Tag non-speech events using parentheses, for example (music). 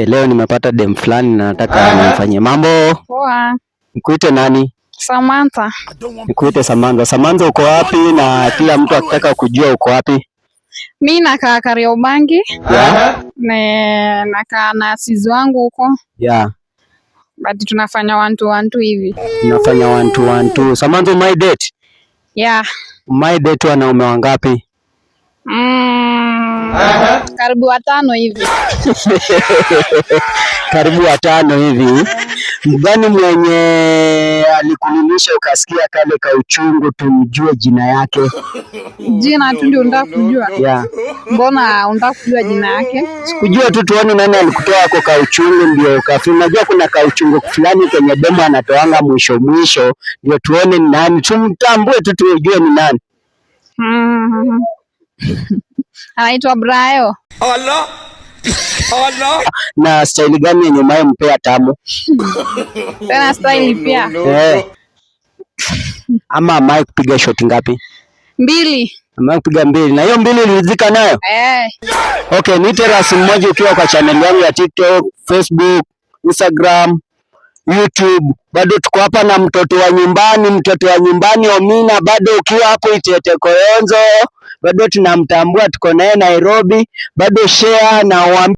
Eh, leo nimepata dem fulani na nataka ah. nimfanyie mambo. Poa. Nikuite nani? Samantha. Nikuite Samantha. Samantha, uko wapi? Na kila mtu akitaka kujua uko wapi. Mi nakaa Kariobangi. Yeah. Ne, nakaa na sisi wangu huko. Yeah. But tunafanya one to one hivi. Tunafanya one to one two. Samantha, my date? Yeah. My date wanaume wangapi? Mm karibu watano hivi (laughs) karibu watano hivi. Mgani mwenye alikulimisha ukasikia kale ka uchungu, tumjue jina yake? Jina tu ndio unataka kujua? Yeah. Mbona unataka kujua jina yake? Sikujua tu tuone nani alikutoa ako ka uchungu, ndio ukafi. Unajua kuna ka uchungu fulani kwenye demo anatoanga mwisho mwisho, ndio tuone nani, tumtambue tu tujue ni nani. Mm-hmm anaitwa Brayo. Allah. Allah. na staili gani yenye mayo mpea tamu? Tena staili pia. Eh. Ama amaye kupiga shoti ngapi? Mbili. Amaye kupiga mbili. Na hiyo mbili ulirizika nayo? Eh. Okay, niite rasi moja ukiwa kwa channel yangu ya TikTok, Facebook, Instagram, YouTube. Bado tuko hapa na mtoto wa nyumbani, mtoto wa nyumbani Omina, bado ukiwa hapo Itete Koyonzo bado tunamtambua, tuko naye Nairobi, bado share na